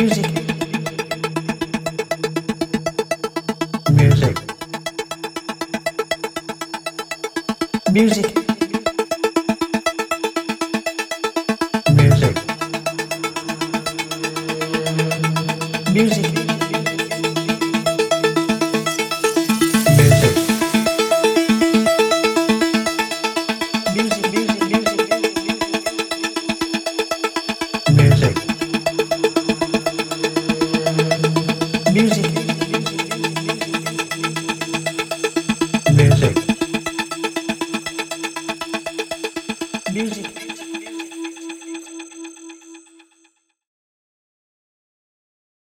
Music. Music. Music. Music. Music.